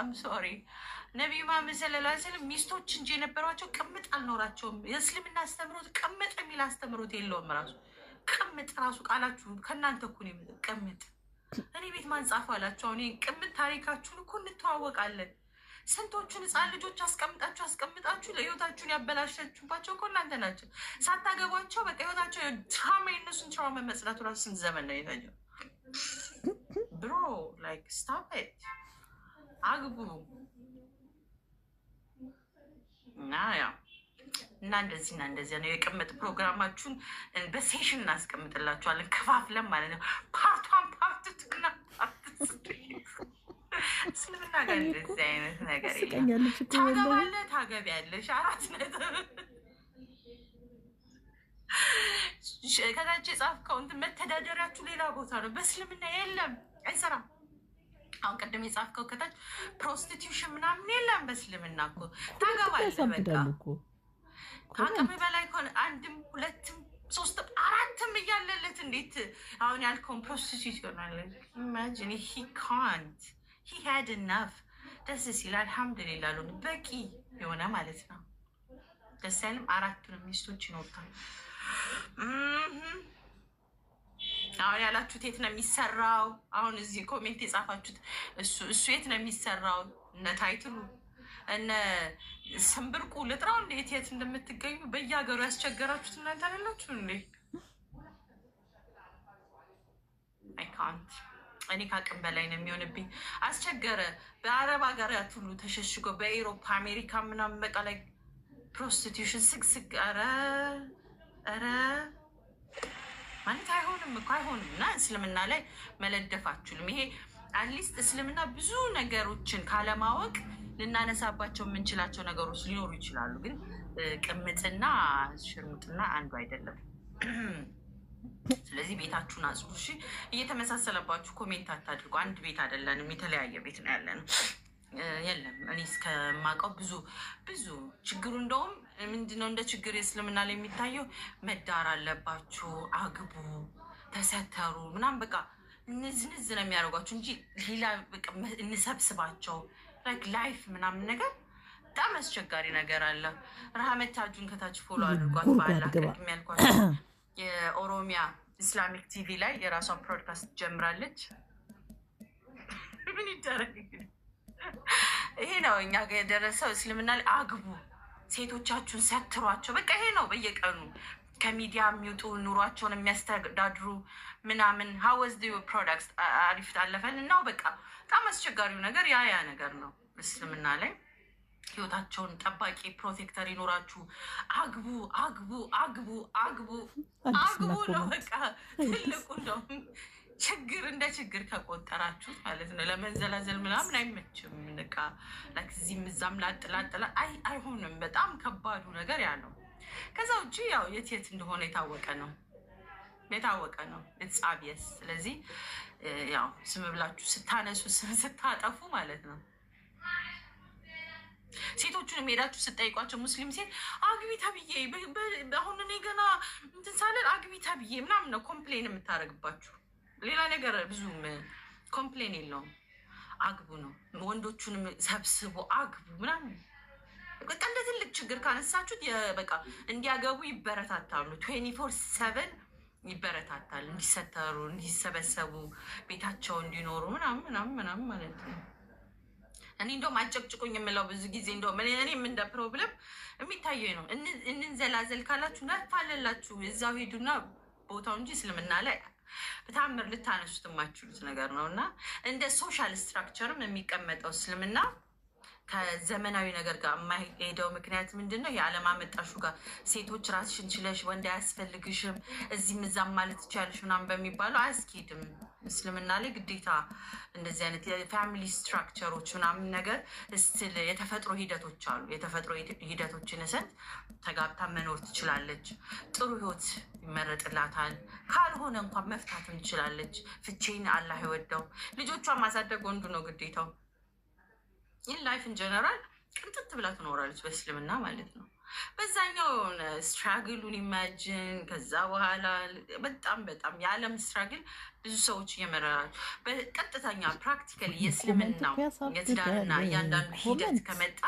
አም ሶሪ ነቢዩ መሐመድ ሰለላ ስለም ሚስቶች እንጂ የነበሯቸው ቅምጥ አልኖራቸውም። የእስልምና አስተምሮት ቅምጥ የሚል አስተምሮት የለውም። ራሱ ቅምጥ ራሱ ቃላችሁ ከእናንተ እኮ ነው ቅምጥ። እኔ ቤት ማንጻፉ አላቸው። አሁን ቅምጥ ታሪካችሁን እኮ እንተዋወቃለን። ስንቶቹን ህፃን ልጆች አስቀምጣችሁ አስቀምጣችሁ ለህይወታችሁን ያበላሻችሁባቸው እኮ እናንተ ናቸው። ሳታገቧቸው በቃ ህይወታቸው ትራማ የነሱን ትራማ መጽዳቱ ራሱ ስንት ዘመን ነው የተኛው? ብሮ ላይክ ስታፕ አግቡ ነው እና እንደዚህ እና እንደዚያ ነው የቅምጥ ፕሮግራማችሁን በሴሽን እናስቀምጥላችኋለን፣ ከፋፍለን ማለት ነው። ፓርቷን ፓርት ጋር እንደዚህ አይነት ነገር ታገባለህ፣ ታገቢያለሽ አራት ነጥብ ከታች የጻፍከው እንትን መተዳደሪያችሁ ሌላ ቦታ ነው። በእስልምና የለም አይሰራም። አሁን ቅድም የጻፍከው ከታች ፕሮስቲቱሽን ምናምን የለም። በእስልምና እኮ ታገባለህ ከአቅም በላይ ከሆነ አንድም ሁለትም ሶስትም አራትም እያለለት እንዴት አሁን ያልከውን ፕሮስቲቱት ይሆናል? ኢማጂን ሂ ካንት ሂ ሄድ ኢናፍ። ደስ ሲል አልሐምዱሊላ ሉ በቂ የሆነ ማለት ነው። ደስ አይልም? አራቱንም ሚስቶች ይኖርታል። አሁን ያላችሁት የት ነው የሚሰራው? አሁን እዚህ ኮሜንት የጻፋችሁት እሱ የት ነው የሚሰራው? እነ ታይትሉ እነ ስንብርቁ ልጥራው እንዴት የት እንደምትገኙ በየሀገሩ ያስቸገራችሁት እናንተ አላችሁ እንዴ? አይካንት እኔ ከአቅም በላይ ነው የሚሆንብኝ። አስቸገረ። በአረብ ሀገራት ሁሉ ተሸሽጎ በኤሮፓ አሜሪካ ምናምን በቃ ላይ ፕሮስቲቱሽን ስግስግ ኧረ ኧረ ማለት አይሆንም እኮ አይሆንም። እና እስልምና ላይ መለደፍ አችልም። ይሄ አትሊስት እስልምና ብዙ ነገሮችን ካለማወቅ ልናነሳባቸው የምንችላቸው ነገሮች ሊኖሩ ይችላሉ። ግን ቅምጥና ሽርሙጥና አንዱ አይደለም። ስለዚህ ቤታችሁን አጽዱ። እሺ፣ እየተመሳሰለባችሁ ኮሜንት አታድርጉ። አንድ ቤት አይደለንም፣ የተለያየ ቤት ነው ያለነው። የለም እኔ እስከማውቀው ብዙ ብዙ ችግሩ እንደውም ምንድነው እንደ ችግር የእስልምና ላይ የሚታየው መዳር አለባችሁ፣ አግቡ፣ ተሰተሩ ምናምን በቃ ንዝንዝ ነው የሚያደርጓቸው እንጂ ሌላ እንሰብስባቸው ላይፍ ምናምን ነገር በጣም አስቸጋሪ ነገር አለ። ረሃመት ታጁን ከታች ፎሎ አድርጓት። በአላቅም ያልኳቸው የኦሮሚያ ኢስላሚክ ቲቪ ላይ የራሷን ፕሮድካስት ጀምራለች። ምን ይደረግ ይሄ ነው እኛ ጋር የደረሰው። እስልምና ላይ አግቡ፣ ሴቶቻችሁን ሰትሯቸው። በቃ ይሄ ነው በየቀኑ ከሚዲያ የሚውጡ ኑሯቸውን የሚያስተዳድሩ ምናምን ሀወዝ ፕሮዳክት አሪፍ ታለፈን እናው በቃ በጣም አስቸጋሪው ነገር ያ ያ ነገር ነው። እስልምና ላይ ህይወታቸውን ጠባቂ ፕሮቴክተር ይኖራችሁ። አግቡ አግቡ አግቡ አግቡ አግቡ ነው በቃ ትልቁ ነው። ችግር እንደ ችግር ከቆጠራችሁት ማለት ነው። ለመንዘላዘል ምናምን አይመችም። ንቃ እዚህም እዛም ላጥላጥላ አይሆንም። በጣም ከባዱ ነገር ያ ነው። ከዛ ውጭ ያው የት የት እንደሆነ የታወቀ ነው የታወቀ ነው ጻቢየስ። ስለዚህ ያው ስም ብላችሁ ስታነሱ ስም ስታጠፉ ማለት ነው። ሴቶቹንም ሄዳችሁ ስጠይቋቸው ሙስሊም ሴት አግቢ ተብዬ አሁን እኔ ገና እንትን ሳለን አግቢ ተብዬ ምናምን ነው ኮምፕሌን የምታደርግባችሁ። ሌላ ነገር ብዙም ኮምፕሌን የለውም። አግቡ ነው ወንዶቹንም ሰብስቦ አግቡ ምናምን በቃ እንደ ትልቅ ችግር ካነሳችሁት በቃ እንዲያገቡ ይበረታታሉ። ትዌንቲ ፎር ሰቨን ይበረታታል። እንዲሰተሩ፣ እንዲሰበሰቡ፣ ቤታቸው እንዲኖሩ ምናምን ምናምን ምናምን ማለት ነው። እኔ እንደውም አጨቅጭቁኝ የምለው ብዙ ጊዜ እንደውም እኔም እንደ ፕሮብለም የሚታየኝ ነው። እንንዘላዘል ካላችሁ ነርፋለላችሁ እዛው ሄዱና ቦታው እንጂ እስልምና ላይ በተአምር ልታነሱት የማችሉት ነገር ነው እና እንደ ሶሻል ስትራክቸርም የሚቀመጠው እስልምና ከዘመናዊ ነገር ጋር የማይሄደው ምክንያት ምንድን ነው? የዓለም አመጣሹ ጋር ሴቶች ራስሽን ችለሽ ወንድ አያስፈልግሽም እዚህም እዛም ማለት ትችያለሽ ምናምን በሚባለው አያስኬድም። እስልምና ላይ ግዴታ እንደዚህ አይነት የፋሚሊ ስትራክቸሮች ምናምን ነገር ስትል የተፈጥሮ ሂደቶች አሉ። የተፈጥሮ ሂደቶችን ስን ተጋብታ መኖር ትችላለች። ጥሩ ህይወት ይመረጥላታል። ካልሆነ እንኳን መፍታትም ትችላለች። ፍቼን አላህ ይወደው። ልጆቿን ማሳደግ ወንዱ ነው ግዴታው። ይህን ላይፍ ጀነራል ቅንጥት ብላ ትኖራለች በእስልምና ማለት ነው። በዛኛው የሆነ ስትራግሉን ኢማጅን ከዛ በኋላ በጣም በጣም የዓለም ስትራግል ብዙ ሰዎች እየመረራል። በቀጥተኛ ፕራክቲካል የእስልምና የትዳርና እያንዳንዱ ሂደት ከመጣ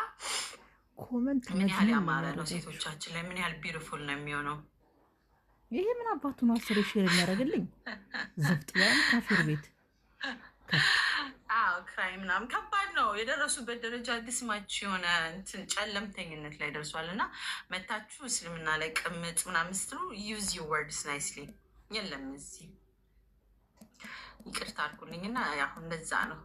ምን ያህል ያማረ ነው፣ ሴቶቻችን ላይ ምን ያህል ቢርፉል ነው የሚሆነው። ይሄ ምን አባቱ ነው አስር ሺህ የሚያደርግልኝ ዝብጥ ያን ካፌር ቤት ክራይ ምናምን ከባድ ነው የደረሱበት ደረጃ። ግስማች የሆነ እንትን ጨለምተኝነት ላይ ደርሷል። እና መታችሁ እስልምና ላይ ቅምጥ ምናምን ስትሉ ዩዝ ዩ ወርድስ ናይስሊ የለም እዚህ ይቅርታ አልኩልኝና ያው እንደዛ ነው።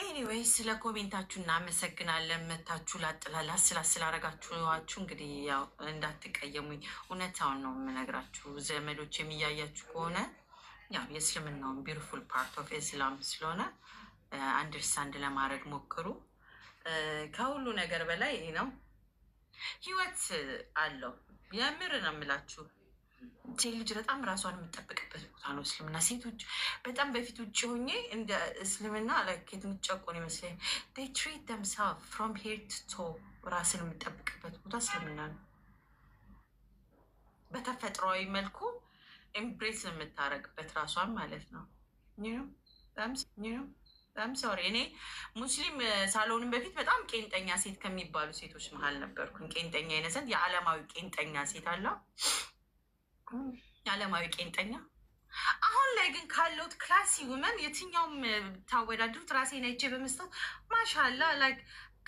ኤኒዌይ ስለ ኮሜንታችሁ እናመሰግናለን። መታችሁ ላጥላላ ስላ ስላረጋችኋችሁ እንግዲህ ያው እንዳትቀየሙኝ፣ እውነታውን ነው የምነግራችሁ። ዘመዶች የሚያያችሁ ከሆነ ያው የእስልምናውን ቢውቲፉል ፓርት ኦፍ እስላም ስለሆነ አንደርስታንድ ለማድረግ ሞክሩ። ከሁሉ ነገር በላይ ነው ህይወት አለው። የምር ነው የምላችሁ። ሴት ልጅ በጣም ራሷን የምጠብቅበት ቦታ ነው እስልምና። ሴቶች በጣም በፊት ውጭ ሆኜ እንደ እስልምና ላኬት የምትጨቆን ይመስለኝ ትሪት ደምሳልቭ ፍሮም ሄድ ቱ ቶ ራስን የምጠብቅበት ቦታ እስልምና ነው በተፈጥሯዊ መልኩ ኤምብሬስ የምታረቅበት ራሷን ማለት ነው። ምሶሪ እኔ ሙስሊም ሳልሆንም በፊት በጣም ቄንጠኛ ሴት ከሚባሉ ሴቶች መሀል ነበርኩኝ። ቄንጠኛ ይነሰን የዓለማዊ ቄንጠኛ ሴት አለ የዓለማዊ ቄንጠኛ። አሁን ላይ ግን ካለሁት ክላሲ ውመን የትኛውም ታወዳድሩት ራሴን አይቼ በመስታወት ማሻላ ላይ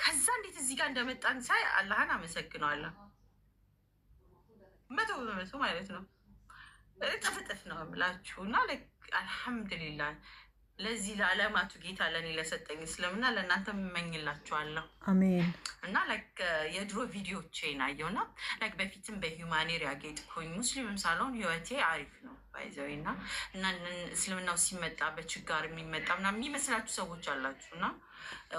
ከዛ እንዴት እዚህ ጋር እንደመጣን ሳይ አላህን አመሰግነዋለሁ መቶ በመቶ ማለት ነው። እጥፍጥፍ ነው የምላችሁ እና አልሐምዱሊላህ ለዚህ ለዓለማቱ ጌታ ለእኔ ለሰጠኝ እስልምና ለእናንተ የምመኝላችኋለሁ። አሜን። እና ላይክ የድሮ ቪዲዮቼን ናየው ና ላይክ በፊትም በሂውማኔር ያጌጥኩኝ ሙስሊምም ሳልሆን ህይወቴ አሪፍ ነው ባይዘዌ ና እና እስልምናው ሲመጣ በችጋር የሚመጣ ምና የሚመስላችሁ ሰዎች አላችሁ እና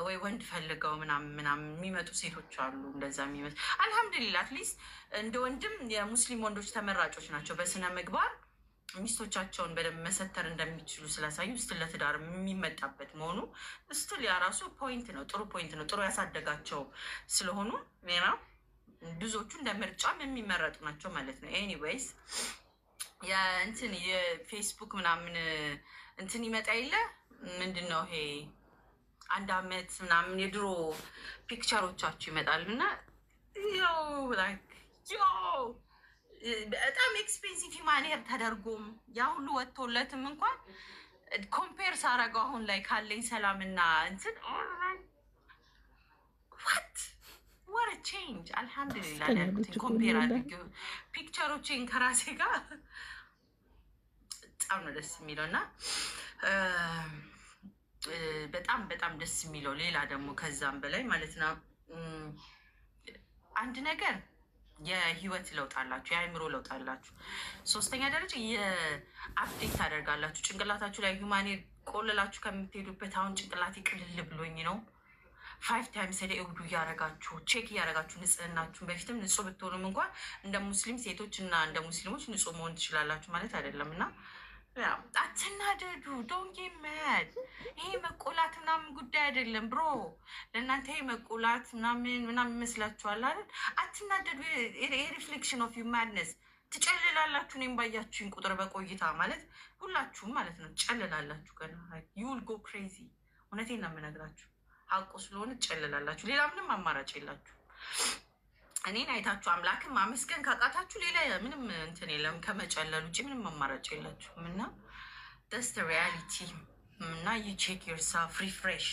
ወይ ወንድ ፈልገው ምናምን ምናምን የሚመጡ ሴቶች አሉ። እንደዛ የሚመስ አልሐምዱሊላ አትሊስት እንደ ወንድም የሙስሊም ወንዶች ተመራጮች ናቸው በስነ ምግባር ሚስቶቻቸውን በደንብ መሰተር እንደሚችሉ ስላሳዩ ስትል ለትዳር የሚመጣበት መሆኑ ስትል ያራሱ ፖይንት ነው። ጥሩ ፖይንት ነው። ጥሩ ያሳደጋቸው ስለሆኑ ሜራ ብዙዎቹ እንደ ምርጫም የሚመረጡ ናቸው ማለት ነው። ኤኒዌይስ እንትን የፌስቡክ ምናምን እንትን ይመጣ የለ ምንድን ነው ይሄ አንድ አመት ምናምን የድሮ ፒክቸሮቻችሁ ይመጣል እና ያው በጣም ኤክስፔንሲቭ ማኔር ተደርጎም ያ ሁሉ ወጥቶለትም እንኳን ኮምፔር ሳረገው አሁን ላይ ካለኝ ሰላምና እንትን ዋት ወር ቼንጅ አልሐምዱሊላ ያልኩት ኮምፔር አድርጌው ፒክቸሮቼን ከራሴ ጋር በጣም ነው ደስ የሚለው እና በጣም በጣም ደስ የሚለው ሌላ ደግሞ ከዛም በላይ ማለት ነው አንድ ነገር የህይወት ለውጥ አላችሁ፣ የአእምሮ ለውጥ አላችሁ። ሶስተኛ ደረጃ የአፕዴት ታደርጋላችሁ። ጭንቅላታችሁ ላይ ሁማኔ ቆልላችሁ ከምትሄዱበት አሁን ጭንቅላቴ ቅልል ብሎኝ ነው ፋይቭ ታይምስ ደ እግዱ እያረጋችሁ ቼክ እያረጋችሁ ንጽህናችሁን። በፊትም ንጹህ ብትሆኑም እንኳን እንደ ሙስሊም ሴቶች እና እንደ ሙስሊሞች ንጹህ መሆን ትችላላችሁ ማለት አይደለም እና አትናደዱ። ዶንጌ መድ ይሄ መቆላት ምናምን ጉዳይ አይደለም ብሮ። ለእናንተ ይሄ መቆላት ምናምን ምናምን ይመስላችኋል አይደል? አትናደዱ። የሪፍሌክሽን ኦፍ ዩ ማድነስ ትጨልላላችሁ። እኔም ባያችሁኝ ቁጥር በቆይታ ማለት ሁላችሁም ማለት ነው ትጨልላላችሁ። ገና ዩል ጎ ክሬዚ። እውነቴን ነው የምነግራችሁ፣ ሀቁ ስለሆነ ትጨልላላችሁ። ሌላ ምንም አማራጭ የላችሁ። እኔን አይታችሁ አምላክን ማመስገን ካቃታችሁ ሌላ ምንም እንትን የለም ከመጨለል ውጭ ምንም አማራጭ የላችሁም። እና ደስ ሪያሊቲ እና ዩ ቼክ ሪፍሬሽ